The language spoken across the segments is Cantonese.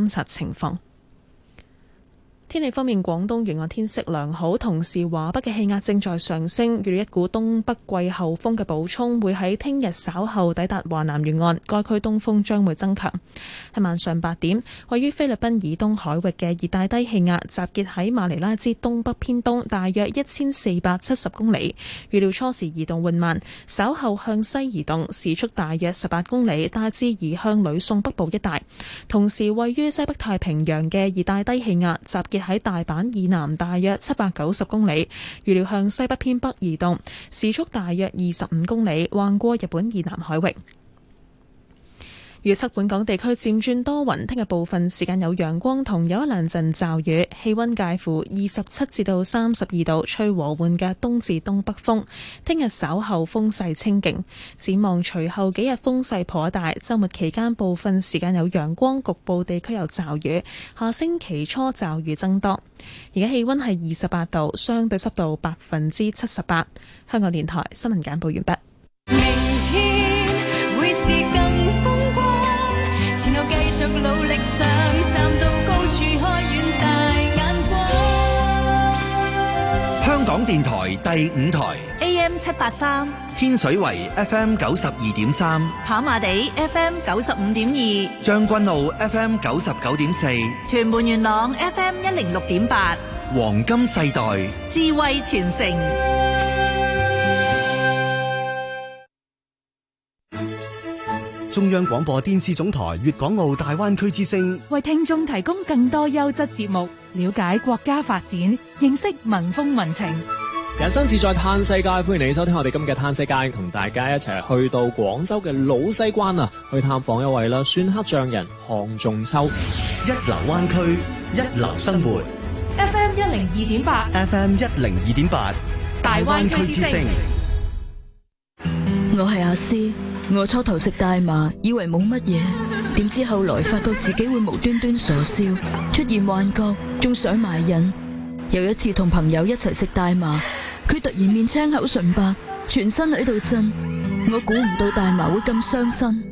真實情況。天氣方面，廣東沿岸天色良好，同時華北嘅氣壓正在上升，預料一股東北季候風嘅補充會喺聽日稍後抵達華南沿岸，該區東風將會增強。喺晚上八點，位於菲律賓以東海域嘅熱帶低氣壓集結喺馬尼拉之東北偏東大約一千四百七十公里，預料初時移動緩慢，稍後向西移動時速大約十八公里，大致移向呂宋北部一帶。同時，位於西北太平洋嘅熱帶低氣壓集結。喺大阪以南，大約七百九十公里，預料向西北偏北移動，時速大約二十五公里，橫過日本以南海域。預測本港地區漸轉多雲，聽日部分時間有陽光同有一兩陣驟雨，氣溫介乎二十七至到三十二度，吹和緩嘅東至東北風。聽日稍後風勢清勁，展望隨後幾日風勢頗大，週末期間部分時間有陽光，局部地區有驟雨，下星期初驟雨增多。而家氣溫係二十八度，相對濕度百分之七十八。香港電台新聞簡報完畢。電台第五台 AM 七八三，天水圍 FM 九十二點三，跑馬地 FM 九十五點二，將軍澳 FM 九十九點四，屯門元朗 FM 一零六點八，黃金世代智慧傳承，中央廣播電視總台粵港澳大灣區之聲，為聽眾提供更多優質節目。了解國家發展，認識民風民情。人生志在嘆世界，歡迎你收聽我哋今日嘅嘆世界，同大家一齊去到廣州嘅老西關啊，去探訪一位啦，孫黑匠人項仲秋。一流灣區，一流生活。FM 一零二點八，FM 一零二點八，大灣區之聲。我係阿詩，我初頭食大麻，以為冇乜嘢，點知後來發覺自己會無端端傻笑，出現幻覺。仲想埋癮，有一次同朋友一齊食大麻，佢突然面青口唇白，全身喺度震。我估唔到大麻會咁傷身。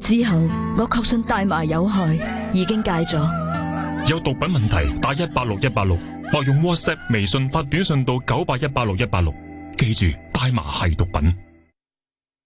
之後我確信大麻有害，已經戒咗。有毒品問題，打一八六一八六，或用 WhatsApp、微信發短信到九八一八六一八六。記住，大麻係毒品。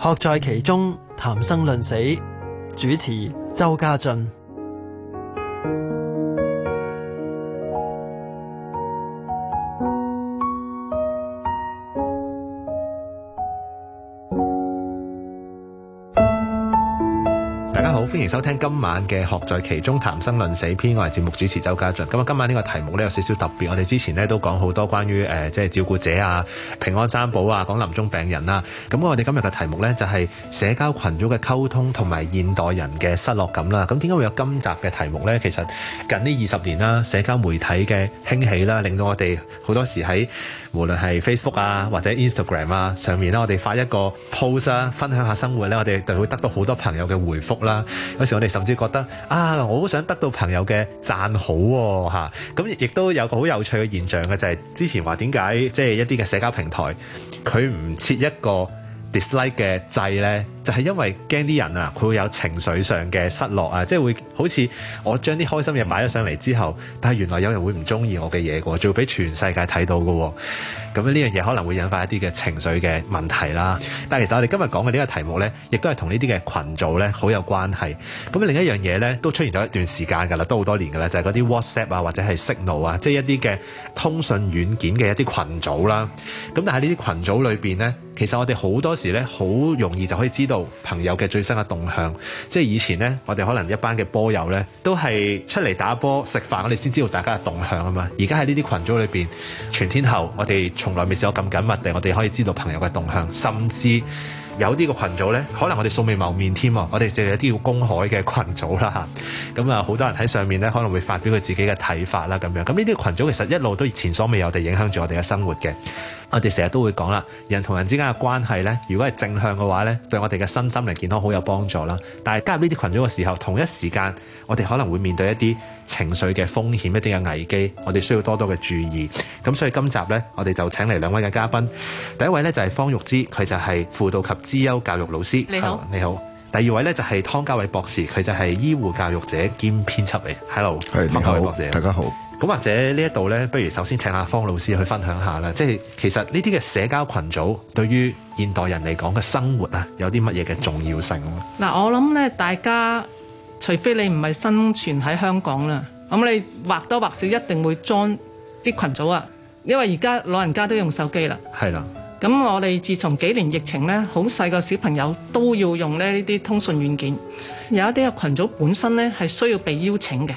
學在其中，談生論死，主持周家俊。歡迎收聽今晚嘅《學在其中談生論死》篇，我係節目主持周家俊。咁啊，今晚呢個題目呢有少少特別，我哋之前呢都講好多關於誒，即係照顧者啊、平安三寶啊、講臨終病人啦。咁我哋今日嘅題目呢就係社交群組嘅溝通同埋現代人嘅失落感啦。咁點解會有今集嘅題目呢？其實近呢二十年啦，社交媒體嘅興起啦，令到我哋好多時喺。無論係 Facebook 啊，或者 Instagram 啊，上面咧，我哋發一個 post 啊，分享下生活咧，我哋就會得到好多朋友嘅回覆啦。有時我哋甚至覺得啊，我好想得到朋友嘅讚好喎，啊，咁亦都有個好有趣嘅現象嘅，就係、是、之前話點解即係一啲嘅社交平台佢唔設一個 dislike 嘅掣咧？就係因為驚啲人啊，佢會有情緒上嘅失落啊，即係會好似我將啲開心嘢，買咗上嚟之後，但係原來有人會唔中意我嘅嘢喎，仲要俾全世界睇到嘅喎，咁呢樣嘢可能會引發一啲嘅情緒嘅問題啦。但係其實我哋今日講嘅呢個題目咧，亦都係同呢啲嘅群組咧好有關係，咁另一樣嘢咧都出現咗一段時間㗎啦，都好多年㗎啦，就係嗰啲 WhatsApp 啊或者係 signal 啊，即係一啲嘅通訊軟件嘅一啲群組啦。咁但係呢啲群組裏邊咧，其實我哋好多時咧好容易就可以知道。朋友嘅最新嘅動向，即係以前呢，我哋可能一班嘅波友呢，都係出嚟打波食飯，我哋先知道大家嘅動向啊嘛。而家喺呢啲群組裏邊，全天候，我哋從來未試過咁緊密地，我哋可以知道朋友嘅動向，甚至，有呢個群組呢，可能我哋素未謀面添喎。我哋就有啲要公海嘅群組啦吓，咁啊，好多人喺上面呢，可能會發表佢自己嘅睇法啦咁樣。咁呢啲群組其實一路都前所未有地影響住我哋嘅生活嘅。我哋成日都會講啦，人同人之間嘅關係呢，如果係正向嘅話呢，對我哋嘅身心靈健康好有幫助啦。但係加入呢啲群組嘅時候，同一時間我哋可能會面對一啲。情緒嘅風險，一啲嘅危機，我哋需要多多嘅注意。咁所以今集呢，我哋就請嚟兩位嘅嘉賓。第一位呢，就係、是、方玉芝，佢就係輔導及資優教育老師。你好、啊，你好。第二位呢，就係、是、湯嘉偉博士，佢就係醫護教育者兼編輯嚟。Hello，是湯嘉偉博士，大家好。咁或者呢一度呢，不如首先請阿方老師去分享下啦。即係其實呢啲嘅社交群組對於現代人嚟講嘅生活啊，有啲乜嘢嘅重要性？嗱，我諗呢大家。除非你唔係生存喺香港啦，咁你或多或少一定會裝啲群組啊，因為而家老人家都用手機啦。係啦的，咁我哋自從幾年疫情呢，好細個小朋友都要用呢呢啲通訊軟件。有一啲群組本身呢係需要被邀請嘅，啊、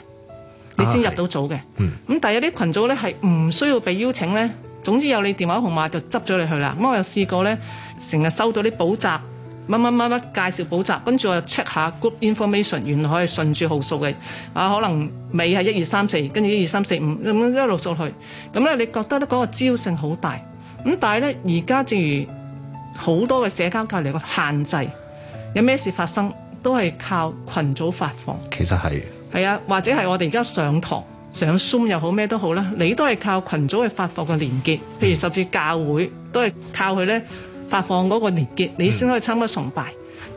你先入到組嘅。嗯。咁但係有啲群組呢係唔需要被邀請呢。總之有你電話號碼就執咗你去啦。咁我有試過呢，成日收到啲補習。乜乜乜乜介紹補習，跟住我 check 下 group information，原來可以順住號數嘅，啊，可能尾係一二三四，跟住一二三四五咁一路數去，咁咧你覺得咧嗰個招性好大。咁但係咧而家正如好多嘅社交界嚟嘅限制，有咩事發生都係靠群組發放，其實係係啊，或者係我哋而家上堂上 zoom 又好咩都好啦，你都係靠群組去發放個連結，譬如甚至教會都係靠佢咧。發放嗰個連結，你先可以參加崇拜。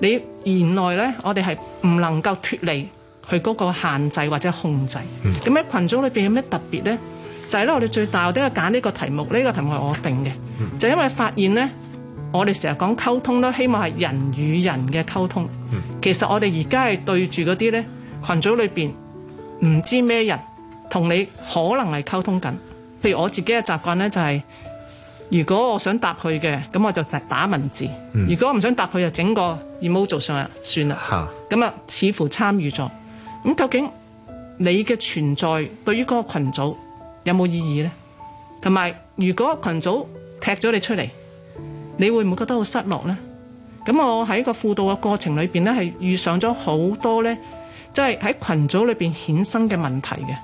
嗯、你原來呢，我哋係唔能夠脫離佢嗰個限制或者控制。咁喺、嗯、群組裏邊有咩特別呢？就係、是、呢，我哋最大我都係揀呢個題目，呢、這個題目係我定嘅。嗯、就因為發現呢，我哋成日講溝通都希望係人與人嘅溝通。嗯、其實我哋而家係對住嗰啲呢，群組裏邊唔知咩人同你可能係溝通緊。譬如我自己嘅習慣呢，就係、是。如果我想答佢嘅，咁我就打文字；嗯、如果唔想答佢，就整個 emoji 做上啦，算啦、嗯。咁啊，似乎參與咗。咁究竟你嘅存在對於嗰個羣組有冇意義呢？同埋，如果群組踢咗你出嚟，你會唔會覺得好失落呢？咁我喺個輔導嘅過程裏邊咧，係遇上咗好多呢，即係喺群組裏邊衍生嘅問題嘅。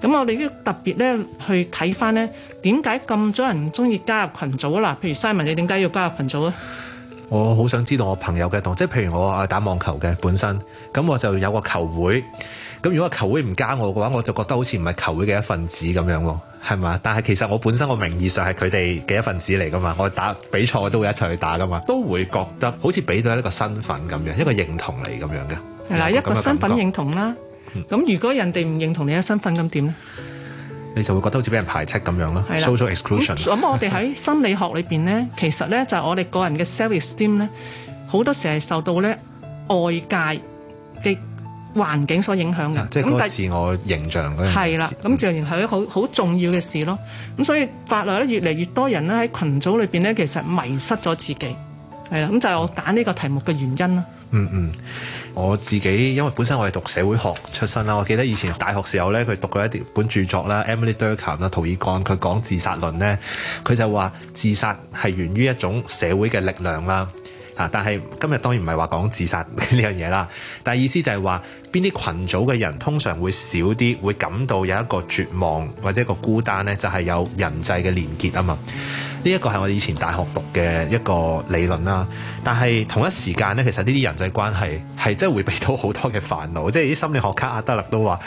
咁我哋都特別咧去睇翻咧，點解咁多人中意加入群組啦，譬如 Simon，你點解要加入群組啊？我好想知道我朋友嘅動，即係譬如我打網球嘅本身，咁我就有個球會。咁如果球會唔加我嘅話，我就覺得好似唔係球會嘅一份子咁樣喎，係嘛？但係其實我本身個名義上係佢哋嘅一份子嚟噶嘛，我打比賽我都會一齊去打噶嘛，都會覺得好似俾到一個身份咁樣，一個認同嚟咁樣嘅。嗱，係啦，一個，一個身份認同啦。咁如果人哋唔認同你嘅身份咁點咧？呢你就會覺得好似俾人排斥咁樣啦的，social exclusion 那。咁 我哋喺心理學裏邊咧，其實咧就係、我哋個人嘅 self-esteem 咧，好多時係受到咧外界嘅環境所影響嘅。即係嗰個自我形象嗰啲。係啦是，咁自然係一個好重要嘅事咯。咁、嗯、所以，法律咧越嚟越多人咧喺群組裏邊咧，其實迷失咗自己。係啦，咁就係我揀呢個題目嘅原因啦、嗯。嗯嗯。我自己，因為本身我係讀社會學出身啦，我記得以前大學時候咧，佢讀過一本著作啦，Emile Durkheim 啦，涂爾幹佢講自殺論咧，佢就話自殺係源於一種社會嘅力量啦，但係今日當然唔係話講自殺呢樣嘢啦， 但係意思就係話邊啲群組嘅人通常會少啲，會感到有一個絕望或者一個孤單咧，就係、是、有人際嘅連結啊嘛。呢一個係我哋以前大學讀嘅一個理論啦，但係同一時間咧，其實呢啲人際關係係真係會俾到好多嘅煩惱，即係啲心理學家阿德勒都話。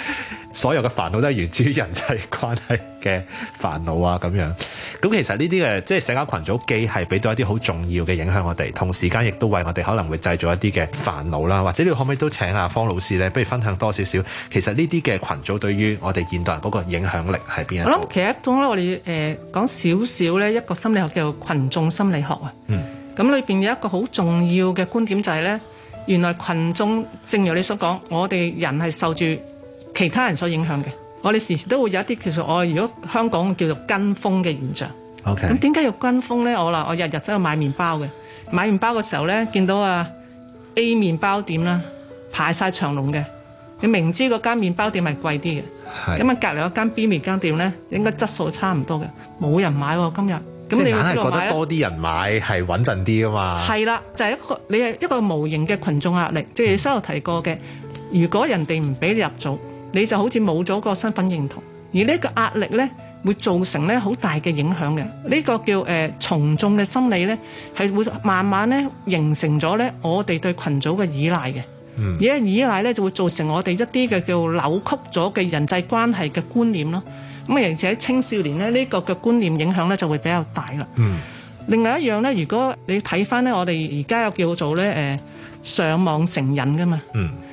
所有嘅煩惱都係源自於人際關係嘅煩惱啊，咁樣咁其實呢啲嘅即係社交群組既係俾到一啲好重要嘅影響我哋，同時間亦都為我哋可能會製造一啲嘅煩惱啦。或者你可唔可以都請阿方老師咧，不如分享多少少其實呢啲嘅群組對於我哋現代人嗰個影響力係邊一種？我諗其實一種咧，我哋誒講少少咧，一個心理學叫做群眾心理學啊。嗯，咁裏邊有一個好重要嘅觀點就係咧，原來群眾正如你所講，我哋人係受住。其他人所影響嘅，我哋時時都會有一啲。其實我如果香港叫做跟風嘅現象，咁點解要跟風咧？我啦，我日日真去買麵包嘅，買麵包嘅時候咧，見到啊 A 麵包店啦、啊，排晒長龍嘅。你明知嗰間麵包店係貴啲嘅，咁啊隔離有一間 B 麵間店咧，應該質素差唔多嘅，冇人買喎、啊、今日。咁是你係覺得多啲人買係穩陣啲啊嘛？係啦，就係、是、一個你係一個無形嘅群眾壓力，正如你收到提過嘅，嗯、如果人哋唔俾你入組。你就好似冇咗個身份認同，而呢個壓力呢，會造成咧好大嘅影響嘅。呢、呢個叫誒、呃、從眾嘅心理呢，係會慢慢咧形成咗呢我哋對群組嘅依賴嘅。嗯、而呢個依賴呢，就會造成我哋一啲嘅叫扭曲咗嘅人際關係嘅觀念咯。咁啊，尤其喺青少年呢，呢、呢個嘅觀念影響呢，就會比較大啦。嗯、另外一樣呢，如果你睇翻呢，我哋而家又叫做呢，誒、呃、上網成癮噶嘛。嗯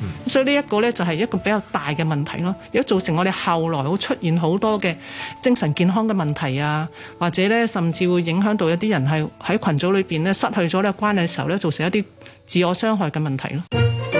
所以呢一個呢，就係一個比較大嘅問題咯，如果造成我哋後來會出現好多嘅精神健康嘅問題啊，或者呢，甚至會影響到一啲人係喺群組裏邊呢，失去咗呢個關係嘅時候呢，造成一啲自我傷害嘅問題咯。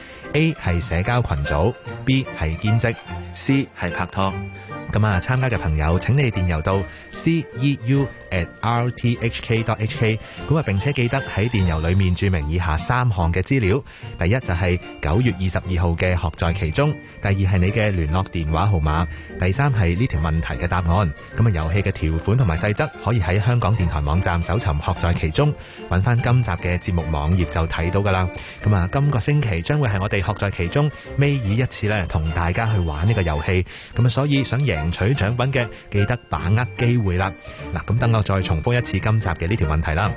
A 係社交群組，B 係兼職，C 係拍拖。咁啊，參加嘅朋友請你電郵到 c e u at r t h k dot h k，咁啊，並且記得喺電郵裏面注明以下三項嘅資料：第一就係九月二十二號嘅學在其中；第二係你嘅聯絡電話號碼，第三係呢條問題嘅答案。咁啊，遊戲嘅條款同埋細則可以喺香港電台網站搜尋學在其中，揾翻今集嘅節目網頁就睇到噶啦。咁啊，今個星期將會係我哋學在其中尾以一次咧，同大家去玩呢個遊戲。咁啊，所以想贏。贏取獎品嘅，記得把握機會啦！嗱，咁等我再重複一次今集嘅呢條問題啦。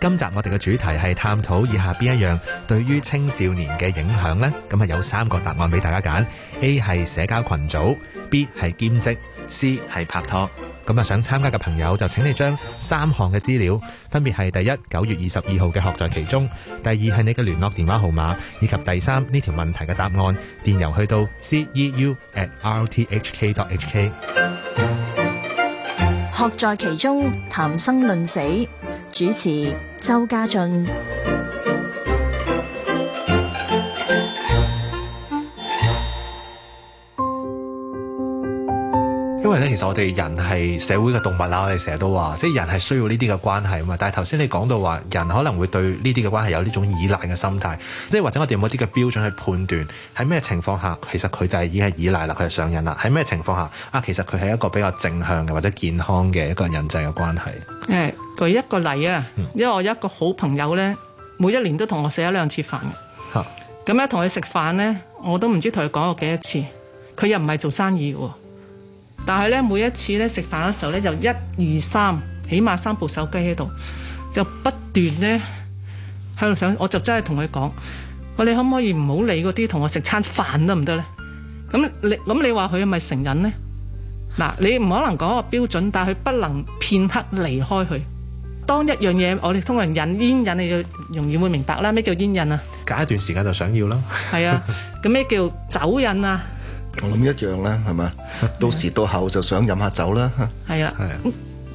今集我哋嘅主題係探討以下邊一樣對於青少年嘅影響呢？咁啊，有三個答案俾大家揀：A 係社交群組，B 係兼職，C 係拍拖。咁啊，想參加嘅朋友就請你將三項嘅資料，分別係第一九月二十二號嘅學在其中，第二係你嘅聯絡電話號碼，以及第三呢條問題嘅答案，電郵去到 ceu at rthk.hk。學在其中，談生論死，主持周家俊。因為咧，其實我哋人係社會嘅動物啦，我哋成日都話，即係人係需要呢啲嘅關係啊嘛。但係頭先你講到話，人可能會對呢啲嘅關係有呢種依賴嘅心態，即係或者我哋有冇啲嘅標準去判斷喺咩情況下，其實佢就係已經係依賴啦，佢係上癮啦。喺咩情況下啊？其實佢係一個比較正向嘅或者健康嘅一個人際嘅關係。誒，舉一個例啊，因為我有一個好朋友咧，每一年都同我食一兩次飯吓。咁咧，同佢食飯咧，我都唔知同佢講過幾多次。佢又唔係做生意喎。但係咧，每一次咧，食飯嘅時候咧，就一二三，起碼三部手機喺度，就不斷咧喺度想，我就真係同佢講：喂，你可唔可以唔好理嗰啲，同我食餐飯得唔得咧？咁你咁你話佢係咪成癮呢？嗱，你唔可能講個標準，但係佢不能片刻離開佢。當一樣嘢，我哋通常引煙癮，引，你就容易會明白啦。咩叫煙癮啊？隔一段時間就想要啦。係 啊，咁咩叫走癮啊？我諗一樣啦，係嘛？到時到後就想飲下酒啦。係啦，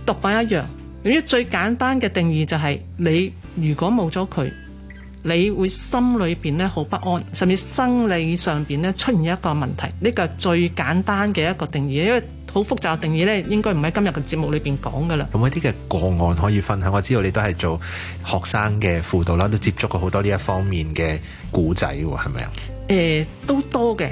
毒品一樣。咁最簡單嘅定義就係你如果冇咗佢，你會心裏邊咧好不安，甚至生理上邊咧出現一個問題。呢個係最簡單嘅一個定義，因為好複雜嘅定義咧，應該唔喺今日嘅節目裏邊講噶啦。咁一啲嘅個案可以分享，我知道你都係做學生嘅輔導啦，都接觸過好多呢一方面嘅古仔，係咪啊？誒，都多嘅。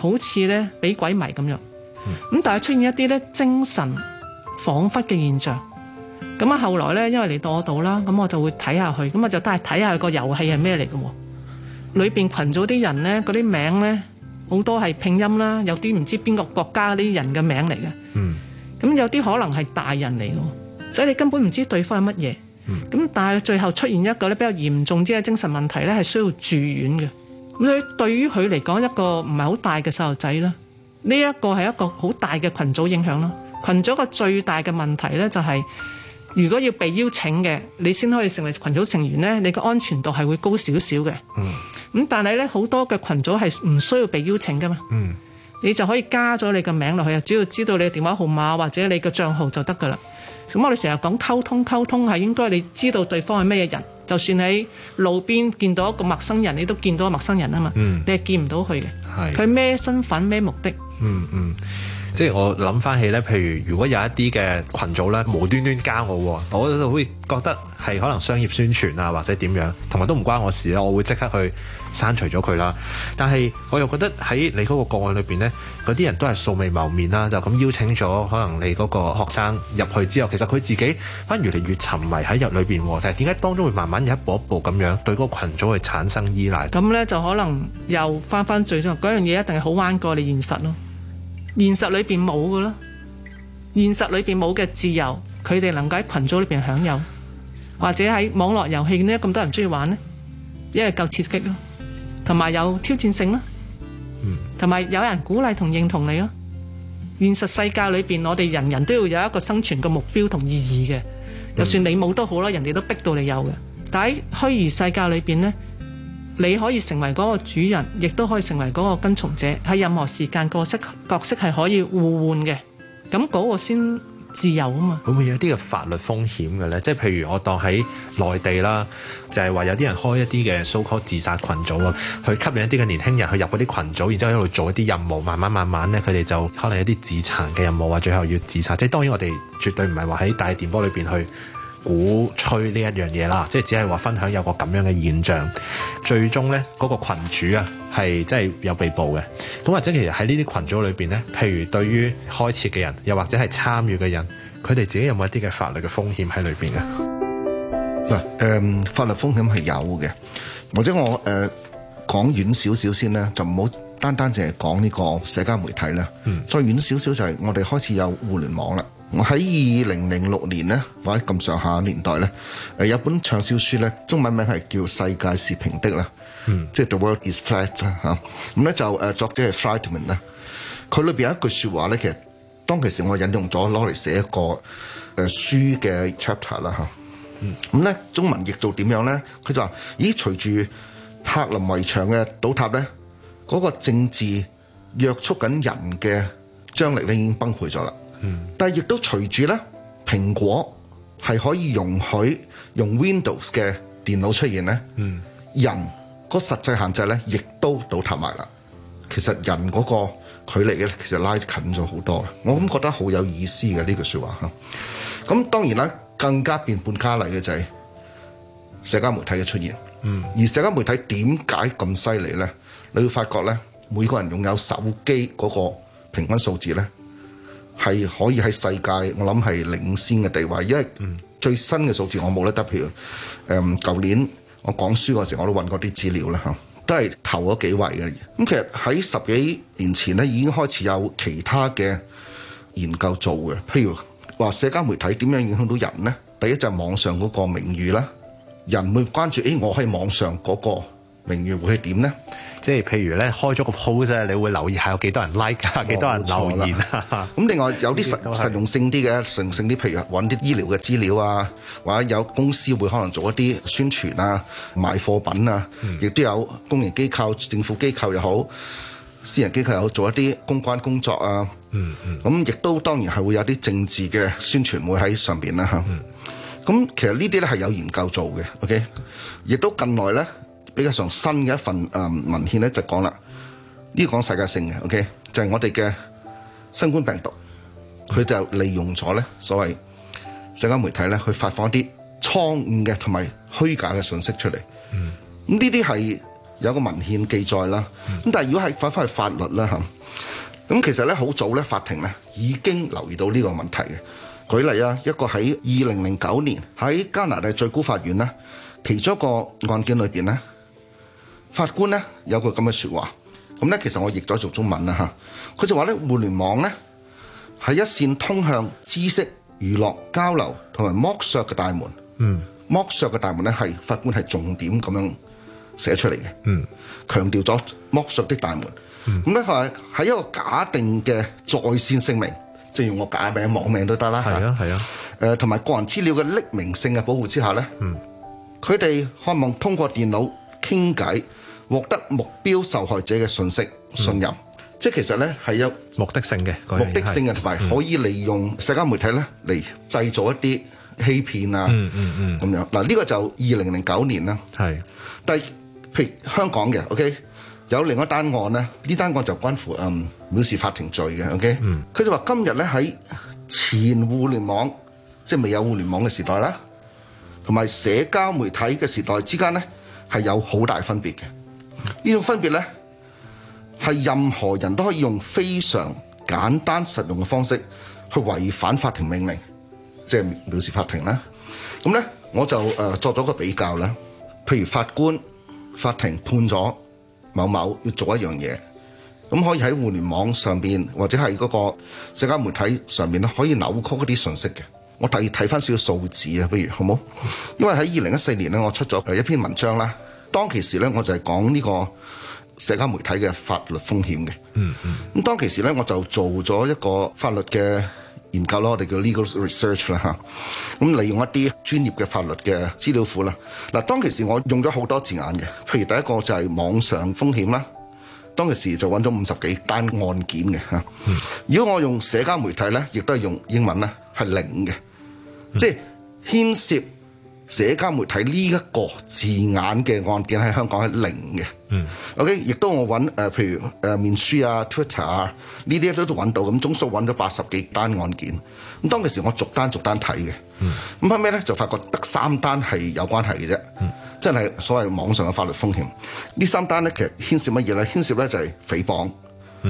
好似咧俾鬼迷咁樣，咁、嗯、但係出現一啲咧精神恍惚嘅現象，咁啊後來咧因為嚟到我度啦，咁我就會睇下佢，咁我就都係睇下個遊戲係咩嚟嘅喎，裏邊群組啲人咧，嗰啲名咧好多係拼音啦，有啲唔知邊個國家啲人嘅名嚟嘅，咁、嗯、有啲可能係大人嚟嘅，所以你根本唔知對方係乜嘢，咁、嗯、但係最後出現一個咧比較嚴重啲嘅精神問題咧，係需要住院嘅。咁佢對於佢嚟講一個唔係好大嘅細路仔啦，呢、這個、一個係一個好大嘅群組影響啦。群組嘅最大嘅問題呢、就是，就係如果要被邀請嘅，你先可以成為群組成員呢，你嘅安全度係會高少少嘅。嗯。咁但係呢，好多嘅群組係唔需要被邀請㗎嘛。嗯。Mm. 你就可以加咗你嘅名落去，只要知道你嘅電話號碼或者你嘅帳號就得㗎啦。咁我哋成日講溝通溝通係應該你知道對方係咩人。就算喺路邊見到一個陌生人，你都見到個陌生人啊嘛，嗯、你係見唔到佢嘅。佢咩身份，咩目的？嗯嗯，即係我諗翻起咧，譬如如果有一啲嘅群組咧無端端加我，我就會覺得係可能商業宣傳啊，或者點樣，同埋都唔關我事咧，我會即刻去。刪除咗佢啦，但係我又覺得喺你嗰個個案裏面呢，嗰啲人都係素未謀面啦，就咁邀請咗可能你嗰個學生入去之後，其實佢自己反而越嚟越沉迷喺入裏邊。但係點解當中會慢慢一步一步咁樣對嗰個群組去產生依賴？咁呢，就可能又翻翻最終嗰樣嘢一定係好玩過你現實咯。現實裏邊冇噶咯，現實裏面冇嘅自由，佢哋能夠喺群組裏面享有，或者喺網絡遊戲呢，點解咁多人中意玩呢，因為夠刺激咯。同埋有挑戰性啦，同埋有人鼓勵同認同你咯。現實世界裏邊，我哋人人都要有一個生存嘅目標同意義嘅，就算你冇都好啦，人哋都逼到你有嘅。但喺虛擬世界裏邊呢，你可以成為嗰個主人，亦都可以成為嗰個跟從者，喺任何時間，角色角色係可以互換嘅。咁嗰個先。自由啊嘛，會唔會有啲嘅法律風險嘅咧？即係譬如我當喺內地啦，就係話有啲人開一啲嘅 so call 自殺群組啊，去吸引一啲嘅年輕人去入嗰啲群組，然之後喺度做一啲任務，慢慢慢慢咧，佢哋就可能有啲自殘嘅任務，話最後要自殺。即係當然我哋絕對唔係話喺大電波裏邊去。鼓吹呢一樣嘢啦，即係只係話分享有個咁樣嘅現象，最終咧嗰個群主啊，係真係有被捕嘅。咁或者其實喺呢啲群組裏面咧，譬如對於開設嘅人，又或者係參與嘅人，佢哋自己有冇一啲嘅法律嘅風險喺裏面啊？嗱、嗯，法律風險係有嘅，或者我誒講遠少少先咧，就唔好單單淨係講呢個社交媒體啦。再遠少少就係我哋開始有互聯網啦。我喺二零零六年咧，或者咁上下年代咧，誒有本暢銷書咧，中文名係叫《世界是平的》啦，嗯，即係 The World Is Flat 啦、嗯，嚇，咁咧就誒作者係 Friedman 啦，佢裏邊有一句説話咧，其實當其時我引用咗攞嚟寫一個誒、呃、書嘅 chapter 啦，吓、嗯，咁咧、嗯、中文譯做點樣咧？佢就話：咦，隨住柏林圍牆嘅倒塌咧，嗰、那個政治約束緊人嘅張力咧已經崩潰咗啦。但係亦都隨住咧，蘋果係可以容許用 Windows 嘅電腦出現咧，嗯、人個實際限制咧，亦都倒塌埋啦。其實人嗰個距離嘅，其實拉近咗好多。嗯、我咁覺得好有意思嘅呢句說話吓。咁、啊、當然啦，更加變本加厲嘅就係社交媒體嘅出現。嗯、而社交媒體點解咁犀利咧？你會發覺咧，每個人擁有手機嗰個平均數字咧。係可以喺世界，我諗係領先嘅地位，因為最新嘅數字我冇得得。譬如誒，舊年我講書嗰時候，我都揾過啲資料啦，吓都係頭嗰幾位嘅。咁其實喺十幾年前咧，已經開始有其他嘅研究做嘅。譬如話社交媒體點樣影響到人呢？第一就係網上嗰個名譽啦，人會關注誒、哎，我喺網上嗰、個。名譽會係點咧？即係譬如咧，開咗個 post 啫，你會留意下有幾多人 like，幾多人留言咁、哦、 另外有啲實實用性啲嘅，實用性啲，譬如揾啲醫療嘅資料啊，或者有公司會可能做一啲宣傳啊、賣貨品啊，亦都、嗯、有公營機構、政府機構又好，私人機構又好，做一啲公關工作啊。咁亦、嗯嗯、都當然係會有啲政治嘅宣傳會喺上邊啦。嚇、嗯，咁、嗯、其實呢啲咧係有研究做嘅。OK，亦都近來咧。比較上新嘅一份誒文獻咧，就講啦，呢個講世界性嘅，OK，就係我哋嘅新冠病毒，佢就利用咗咧所謂社交媒體咧，去發放一啲錯誤嘅同埋虛假嘅信息出嚟。嗯，咁呢啲係有個文獻記載啦。咁、嗯、但係如果係翻翻去法律啦，嚇，咁其實咧好早咧法庭咧已經留意到呢個問題嘅。舉例啊，一個喺二零零九年喺加拿大最高法院咧，其中一個案件裏邊咧。法官咧有句咁嘅説話，咁咧其實我譯咗做中文啦嚇，佢就話咧互聯網咧係一扇通向知識、娛樂、交流同埋剝削嘅大門。嗯，剝削嘅大門咧係法官係重點咁樣寫出嚟嘅。嗯，強調咗剝削的大門。咁咧係喺一個假定嘅在線聲明，正如我假名網名都得啦。係啊，係啊。誒，同埋個人資料嘅匿名性嘅保護之下咧，嗯，佢哋渴望通過電腦。傾偈，獲得目標受害者嘅信息信任，即係其實咧係有目的性嘅，目的性嘅同埋可以利用社交媒體咧嚟製造一啲欺騙啊，嗯嗯嗯，咁樣嗱呢個就二零零九年啦，係，但係譬如香港嘅，OK，有另一單案咧，呢單案就關乎嗯藐視法庭罪嘅，OK，佢就話今日咧喺前互聯網，即係未有互聯網嘅時代啦，同埋社交媒體嘅時代之間咧。係有好大的分別嘅，呢種分別呢，係任何人都可以用非常簡單實用嘅方式去違反法庭命令，即係表示法庭藐視法庭啦。咁呢，我就誒作咗個比較啦，譬如法官法庭判咗某某要做一樣嘢，咁可以喺互聯網上面，或者係嗰個社交媒體上面，咧可以扭曲一啲信息嘅。我特意睇翻少少數字啊，不如好冇？因為喺二零一四年咧，我出咗一篇文章啦。當其時咧，我就係講呢個社交媒體嘅法律風險嘅、嗯。嗯嗯。咁當其時咧，我就做咗一個法律嘅研究啦，我哋叫 Legal Research 啦吓。咁利用一啲專業嘅法律嘅資料庫啦。嗱、啊，當其時我用咗好多字眼嘅，譬如第一個就係網上風險啦。當其時就揾咗五十幾單案件嘅、啊嗯、如果我用社交媒體咧，亦都係用英文咧，係零嘅。嗯、即係牽涉社交媒體呢一個字眼嘅案件喺香港係零嘅。嗯。O.K. 亦都我揾誒、呃，譬如誒面、呃、書啊、Twitter 啊呢啲都揾到，咁總數揾咗八十幾單案件。咁當其時我逐單逐單睇嘅。咁、嗯、後屘咧就發覺得三單係有關係嘅啫。嗯。真係所謂的網上嘅法律風險。呢三單咧其實牽涉乜嘢咧？牽涉咧就係誹謗。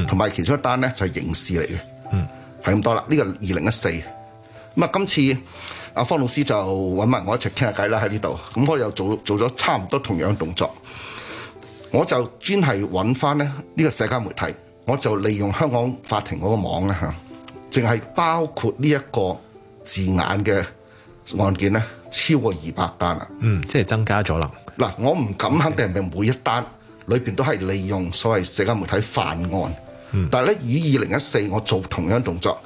同埋、嗯、其中一單咧就係刑事嚟嘅。嗯。係咁多啦。呢、呢個二零一四。咁啊，今次阿方老師就揾埋我一齊傾下偈啦喺呢度。咁我又做做咗差唔多同樣動作，我就專係揾翻咧呢個社交媒體，我就利用香港法庭嗰個網啊嚇，淨係包括呢一個字眼嘅案件咧，超過二百單啊。嗯，即係增加咗啦。嗱，我唔敢肯定係咪每一單裏邊都係利用所謂社交媒體犯案。嗯。但係咧，與二零一四我做同樣動作。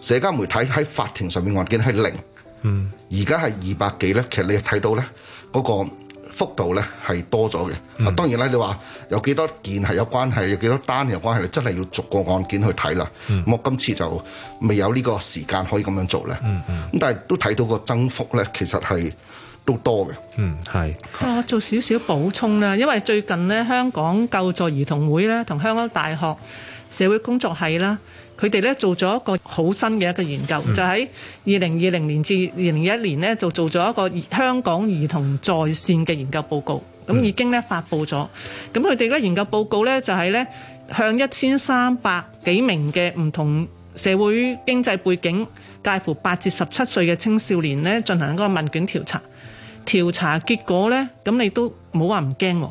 社交媒體喺法庭上面案件係零，而家係二百幾咧。其實你睇到咧，嗰個幅度咧係多咗嘅。嗯、當然啦，你話有幾多件係有關係，有幾多單有關係，真係要逐個案件去睇啦。嗯、我今次就未有呢個時間可以咁樣做咧。咁、嗯嗯、但係都睇到個增幅咧，其實係都多嘅。嗯，係。我做少少補充啦，因為最近咧，香港救助兒童會咧，同香港大學社會工作系啦。佢哋咧做咗一個好新嘅一個研究，嗯、就喺二零二零年至二零二一年咧，就做咗一個香港兒童在線嘅研究報告，咁、嗯、已經咧發布咗。咁佢哋咧研究報告咧就係咧向一千三百幾名嘅唔同社會經濟背景，介乎八至十七歲嘅青少年咧進行一個問卷調查。調查結果咧，咁你都冇話唔驚。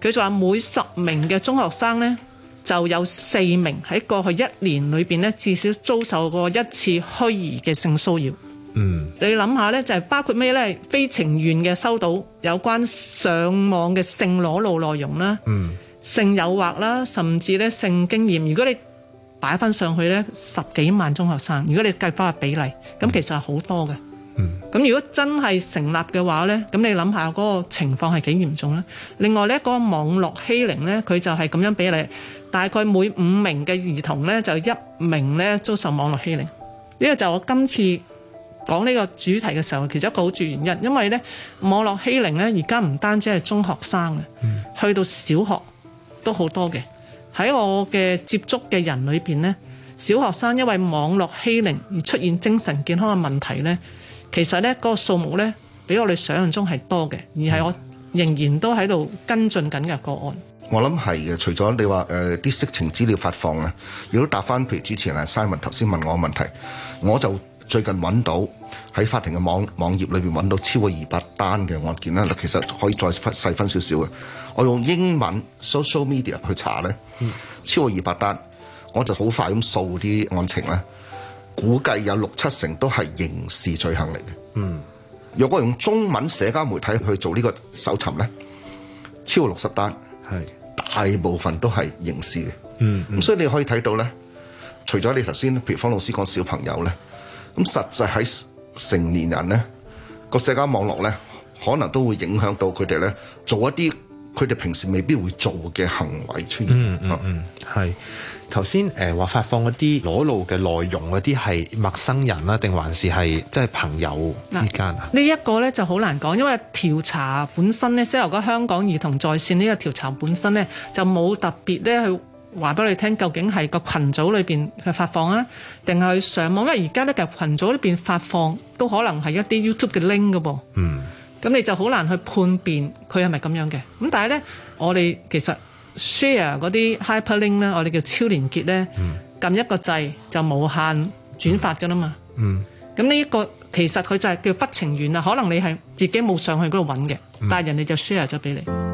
佢就話每十名嘅中學生咧。就有四名喺過去一年裏邊呢，至少遭受過一次虛擬嘅性騷擾。嗯，你諗下呢，就係包括咩呢？非情願嘅收到有關上網嘅性裸露內容啦，嗯、性誘惑啦，甚至咧性經驗。如果你擺翻上去呢十幾萬中學生，如果你計翻個比例，咁其實好多嘅。嗯咁、嗯、如果真係成立嘅話呢，咁你諗下嗰個情況係幾嚴重呢？另外呢、嗰個網絡欺凌呢，佢就係咁樣俾你，大概每五名嘅兒童呢，就一名呢遭受網絡欺凌。呢、這個就是我今次講呢個主題嘅時候，其中一個好主要原因，因為呢網絡欺凌呢，而家唔單止係中學生嘅，嗯、去到小學都好多嘅。喺我嘅接觸嘅人裏邊呢，小學生因為網絡欺凌而出現精神健康嘅問題呢。其實咧，嗰個數目咧，比我哋想象中係多嘅，而係我仍然都喺度跟進緊嘅個案的。我諗係嘅，除咗你話啲、呃、色情資料發放呢，如果答翻譬如主持人阿 Simon 頭先問我嘅問題，我就最近揾到喺法庭嘅網網頁裏邊揾到超過二百單嘅案件啦。嗱，其實可以再細分少少嘅，我用英文 social media 去查咧，超過二百單，我就好快咁掃啲案情咧。估計有六七成都係刑事罪行嚟嘅。嗯，若果用中文社交媒體去做呢個搜尋呢，超過六十單，係大部分都係刑事嘅、嗯。嗯，所以你可以睇到呢，除咗你頭先，譬如方老師講小朋友呢，咁實際喺成年人呢個社交網絡呢，可能都會影響到佢哋呢做一啲佢哋平時未必會做嘅行為出現。嗯嗯嗯，係、嗯。嗯。頭先誒話發放嗰啲裸露嘅內容嗰啲係陌生人啦，定還是係即係朋友之間啊？呢一個咧就好難講，因為調查本身咧，先頭講香港兒童在線呢個調查本身咧就冇特別咧去話俾你聽，究竟係個群組裏邊去發放啊，定係去上網？因為而家咧就群組裏邊發放都可能係一啲 YouTube 嘅 link 㗎喎。嗯，咁你就好難去判別佢係咪咁樣嘅。咁但係咧，我哋其實。share 嗰啲 hyperlink 咧，我哋叫超連結咧，撳、嗯、一個掣就無限轉發噶啦嘛。咁呢一個其實佢就係叫不情願啊。可能你係自己冇上去嗰度揾嘅，嗯、但係人哋就 share 咗俾你。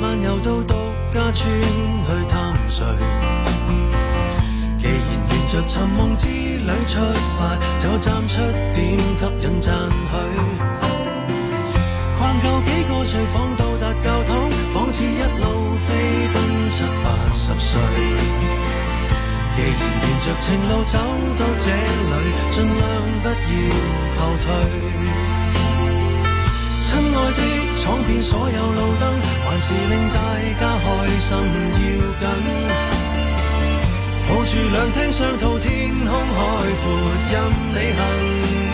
漫遊到獨家村去探誰？既然沿着尋夢之旅出發，就站出點吸引讚許。逛夠幾個睡房，到達教堂，仿似一路飛奔七八十歲。既然沿着情路走到這裏，盡量不要後退。親愛的，闖遍所有路燈，還是令大家開心要緊。抱住兩廳雙套，上天空海闊，任你行。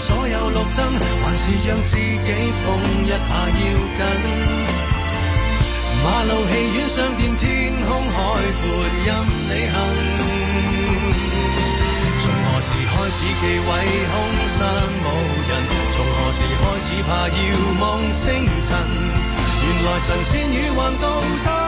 所有路燈，還是讓自己碰一下要緊。馬路、戲院、商店、天空、海闊，任你行。從何時開始忌諱空山無人？從何時開始怕遙望星塵？原來神仙魚橫幻道。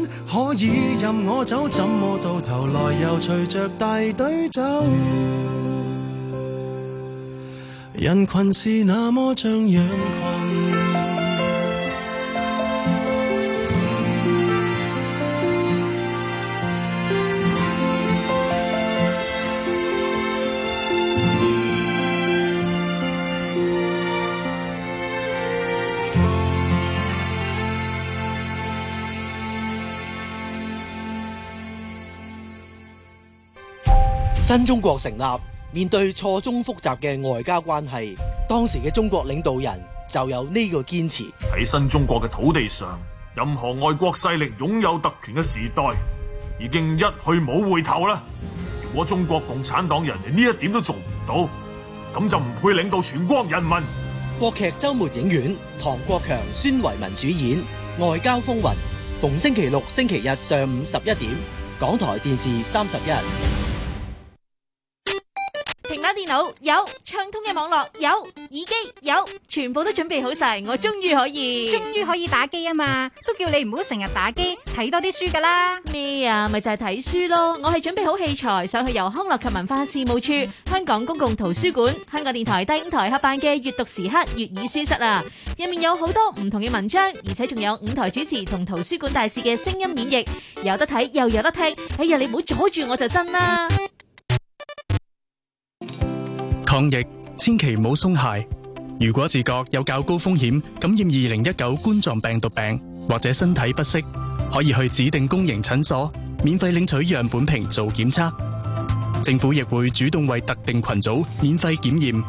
可以任我走，怎麼到頭來又隨着大隊走？人群是那麼像羊群。新中國成立，面對錯綜複雜嘅外交關係，當時嘅中國領導人就有呢個堅持：喺新中國嘅土地上，任何外國勢力擁有特權嘅時代已經一去冇回頭啦。如果中國共產黨人連呢一點都做唔到，咁就唔配領導全國人民。國劇周末影院，唐國強、孫維民主演《外交風雲》，逢星期六、星期日上午十一點，港台電視三十一。電腦有，暢通嘅網絡有，耳機有，全部都準備好晒，我終於可以，終於可以打機啊嘛！都叫你唔好成日打機，睇多啲書噶啦。咩啊？咪就係睇書咯！我係準備好器材，上去由康樂及文化事務處、香港公共圖書館、香港電台第五台合辦嘅閱讀時刻粵語書室啦。入面有好多唔同嘅文章，而且仲有五台主持同圖書館大使嘅聲音演繹，有得睇又有得聽。哎呀，你唔好阻住我就真啦！抗疫千祈唔好鬆懈。如果自覺有較高風險感染2019冠狀病毒病，或者身體不適，可以去指定公營診所免費領取樣本瓶做檢測。政府亦會主動為特定群組免費檢驗。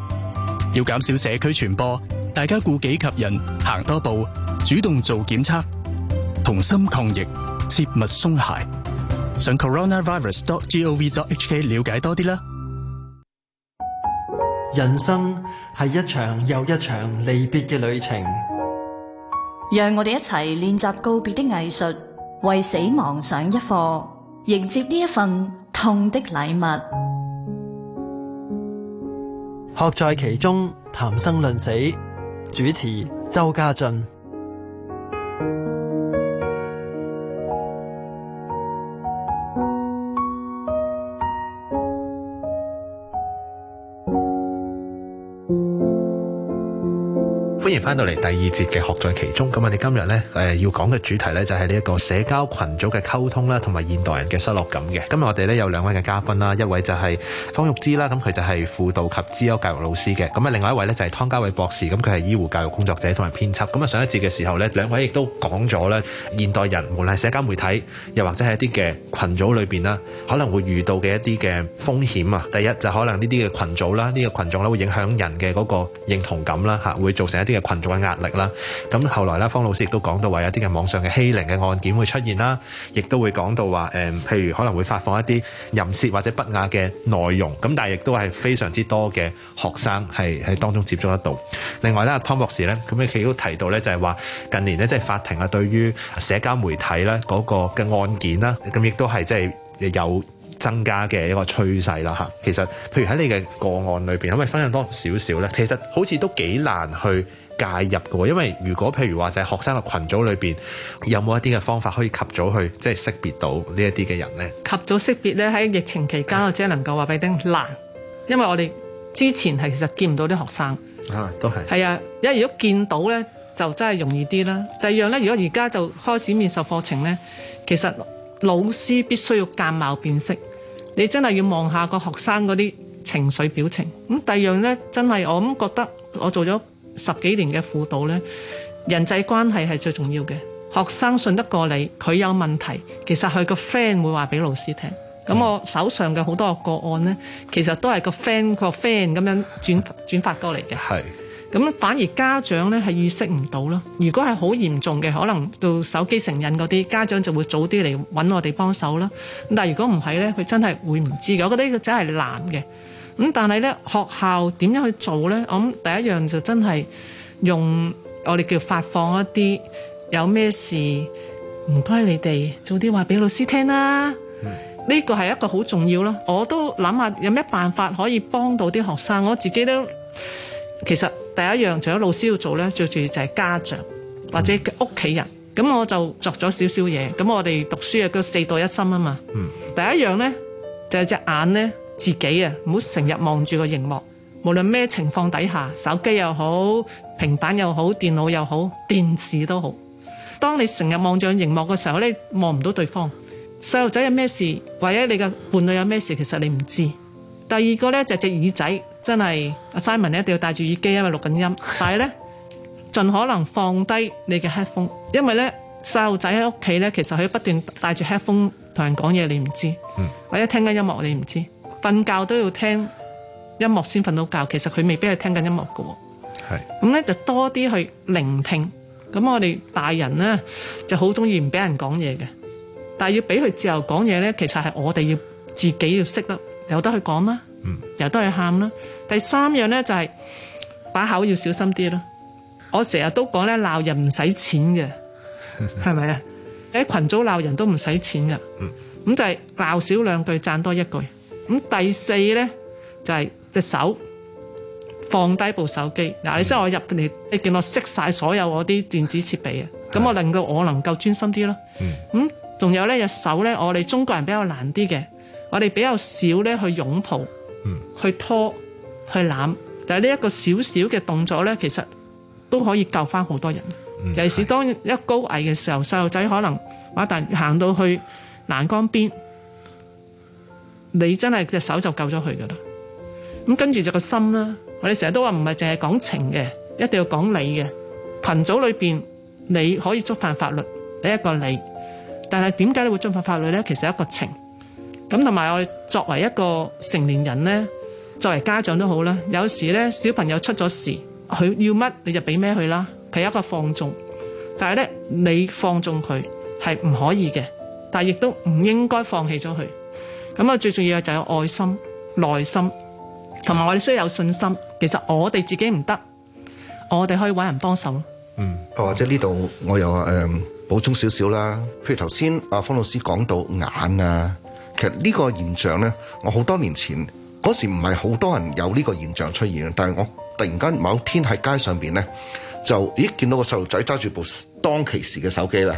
要減少社區傳播，大家顧己及人，行多步，主動做檢測，同心抗疫，切勿鬆懈。上 coronavirus.gov.hk 了解多啲啦。人生係一場又一場離別嘅旅程，讓我哋一齊練習告別的藝術，為死亡上一課，迎接呢一份痛的禮物。學在其中，談生論死，主持周家俊。翻到嚟第二節嘅學在其中，咁我哋今日呢，誒、呃、要講嘅主題呢，就係呢一個社交群組嘅溝通啦，同埋現代人嘅失落感嘅。今日我哋呢有兩位嘅嘉賓啦，一位就係方玉芝啦，咁佢就係輔導及資優教育老師嘅。咁啊，另外一位呢，就係、是、湯嘉偉博士，咁佢係醫護教育工作者同埋編輯。咁啊，上一節嘅時候呢，兩位亦都講咗呢：現代人無論係社交媒體，又或者係一啲嘅群組裏邊啦，可能會遇到嘅一啲嘅風險啊。第一就是、可能呢啲嘅群組啦，呢個群組咧會影響人嘅嗰個認同感啦，吓會造成一啲嘅。群眾嘅壓力啦，咁後來咧，方老師亦都講到話有啲嘅網上嘅欺凌嘅案件會出現啦，亦都會講到話誒，譬如可能會發放一啲淫褻或者不雅嘅內容，咁但係亦都係非常之多嘅學生係喺當中接觸得到。另外咧，湯博士咧，咁佢亦都提到咧，就係話近年咧，即係法庭啊，對於社交媒體咧嗰個嘅案件啦，咁亦都係即係有增加嘅一個趨勢啦嚇。其實，譬如喺你嘅個案裏面，可唔可以分享多少少咧？其實好似都幾難去，介入嘅，因為如果譬如話就係學生嘅群組裏邊有冇一啲嘅方法可以及早去即係識別到呢一啲嘅人呢？及早識別咧喺疫情期間是我只能夠話俾你聽難，因為我哋之前係其實見唔到啲學生啊，都係係啊。因為如果見到咧就真係容易啲啦。第二樣咧，如果而家就開始面授課程咧，其實老師必須要鑒貌辨識，你真係要望下個學生嗰啲情緒表情咁，嗯。第二樣咧，真係我諗覺得我做咗。十幾年嘅輔導呢，人際關係係最重要嘅。學生信得過你，佢有問題，其實佢個 friend 會話俾老師聽。咁、嗯、我手上嘅好多個案呢，其實都係個 friend，個 friend 咁樣轉轉發過嚟嘅。係是。咁反而家長呢，係意識唔到咯。如果係好嚴重嘅，可能到手機成癮嗰啲家長就會早啲嚟揾我哋幫手啦。咁但係如果唔係呢，佢真係會唔知嘅。我覺得呢個真係難嘅。咁但係咧，學校點樣去做呢？我諗第一樣就真係用我哋叫發放一啲，有咩事唔該你哋早啲話俾老師聽啦。呢個係一個好重要咯。我都諗下有咩辦法可以幫到啲學生。我自己都其實第一樣除咗老師要做呢，最重要就係家長或者屋企人。咁、嗯、我就作咗少少嘢。咁我哋讀書叫「四代一心」啊嘛。嗯、第一樣呢，就係、是、隻眼呢。自己啊，唔好成日望住個熒幕。無論咩情況底下，手機又好，平板又好，電腦又好，電視都好。當你成日望著熒幕嘅時候咧，望唔到對方。細路仔有咩事，或者你嘅伴侶有咩事，其實你唔知。第二個咧就係隻耳仔真係阿 Simon 一定要戴住耳機，因為錄緊音。但係咧，盡可能放低你嘅 headphone，因為咧細路仔喺屋企咧，其實佢不斷戴住 headphone 同人講嘢，你唔知，嗯、或者聽緊音樂，你唔知。瞓覺都要聽音樂先瞓到覺。其實佢未必係聽緊音樂嘅喎。係咁咧，就多啲去聆聽。咁我哋大人咧就好中意唔俾人講嘢嘅，但係要俾佢自由講嘢咧，其實係我哋要自己要識得由得去講啦，由得去喊啦。第三樣咧就係把口要小心啲咯。我成日都講咧，鬧人唔使錢嘅，係咪啊？喺羣組鬧人都唔使錢噶，咁就係鬧少兩句讚多一句。咁第四咧就係隻手放低部手機，嗱，你知我入嚟，你見我熄曬所有我啲電子設備啊，咁我令到我能夠專心啲咯。咁仲有咧，隻手咧，我哋中國人比較難啲嘅，我哋比較少咧去擁抱、去拖、去攬，但係呢一個小小嘅動作咧，其實都可以救翻好多人，尤其是當一高危嘅時候，細路仔可能話但行到去欄杆邊。你真係隻手就救咗佢㗎喇，咁跟住就個心啦。我哋成日都話唔係淨係講情嘅，一定要講理嘅。群組裏邊你可以觸犯法律，俾一個理，但係點解你會觸犯法律呢？其實係一個情。咁同埋我哋作為一個成年人呢，作為家長都好啦。有時呢小朋友出咗事，佢要乜你就俾咩佢啦。佢一個放縱，但係呢你放縱佢係唔可以嘅，但係亦都唔應該放棄咗佢。咁啊，最重要嘅就係愛心、耐心，同埋我哋需要有信心。嗯、其實我哋自己唔得，我哋可以揾人幫手。嗯，或者呢度我又誒、呃、補充少少啦。譬如頭先阿方老師講到眼啊，其實呢個現象咧，我好多年前嗰時唔係好多人有呢個現象出現，但係我突然間某天喺街上邊咧，就咦見到個細路仔揸住部當其時嘅手機啦